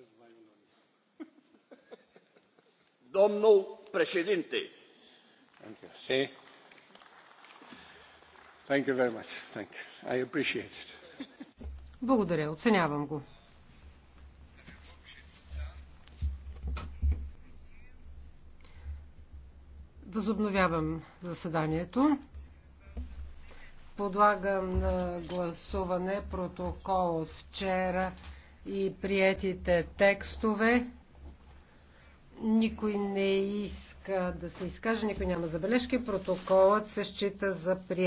Domnul președinte. Thank you. See? Thank you very much. Thank you. I appreciate it. Благодаря, оценявам го. Възобновявам заседанието. Подлагам на гласуване протокол от вчера и приетите текстове. Никой не иска да се изкаже, никой няма забележки. Протоколът се счита за приятел.